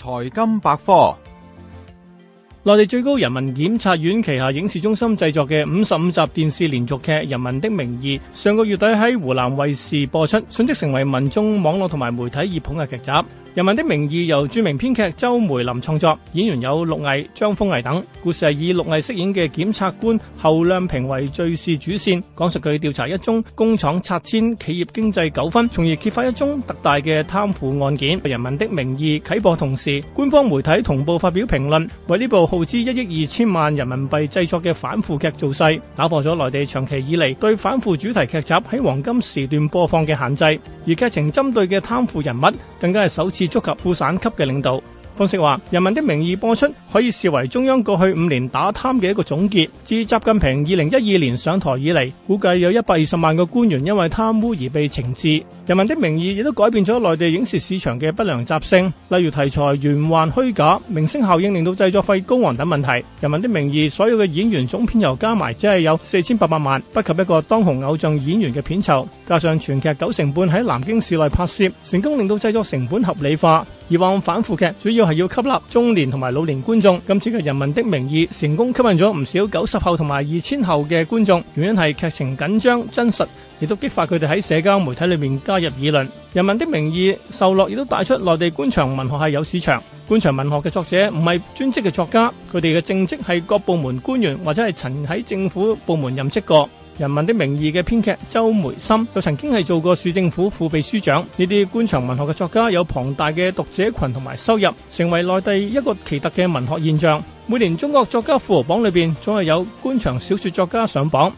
財金百科。內地最高人民檢察院旗下影視中心製作嘅五十五集電視連續劇《人民的名義》，上個月底喺湖南衛視播出，迅即成為民眾、網絡同埋媒體熱捧嘅劇集。《人民的名義》由著名編劇周梅林創作，演員有陸毅、張豐毅等。故事係以陸毅飾演嘅檢察官侯亮平為敘事主線，講述佢調查一宗工廠拆遷企，企業經濟糾紛，從而揭發一宗特大嘅貪腐案件。《人民的名義》啟播同時，官方媒體同步發表評論，為呢部。耗資一億二千萬人民幣製作嘅反腐劇造勢，打破咗內地長期以嚟對反腐主題劇集喺黃金時段播放嘅限制，而劇情針對嘅貪腐人物更加係首次觸及副省級嘅領導。分析話，《人民的名義》播出可以視為中央過去五年打貪嘅一個總結。自習近平二零一二年上台以嚟，估計有一百二十萬個官員因為貪污而被懲治。《人民的名義》亦都改變咗內地影視市場嘅不良習性，例如題材玄幻虛假、明星效應令到製作費高昂等問題。《人民的名義》所有嘅演員總片酬加埋，只係有四千八百萬，不及一個當紅偶像演員嘅片酬。加上全劇九成半喺南京市內拍攝，成功令到製作成本合理化。以往反腐劇主要係要吸納中年同埋老年觀眾，今次嘅《人民的名義》成功吸引咗唔少九十後同埋二千後嘅觀眾，原因係劇情緊張真實，亦都激發佢哋喺社交媒體裏面加入議論。人民的名義受落，亦都帶出內地官場文學係有市場，官場文學嘅作者唔係專職嘅作家，佢哋嘅正職係各部門官員或者係曾喺政府部門任職過。《人民的名義》嘅編劇周梅森就曾經係做過市政府副秘書長。呢啲官場文學嘅作家有龐大嘅讀者群同埋收入，成為內地一個奇特嘅文學現象。每年中國作家富豪榜裏邊，總係有官場小說作家上榜。